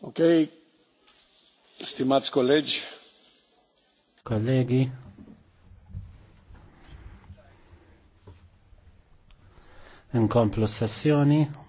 Ok, stimați colegi. Colleghi. Inkomplu sessjoni.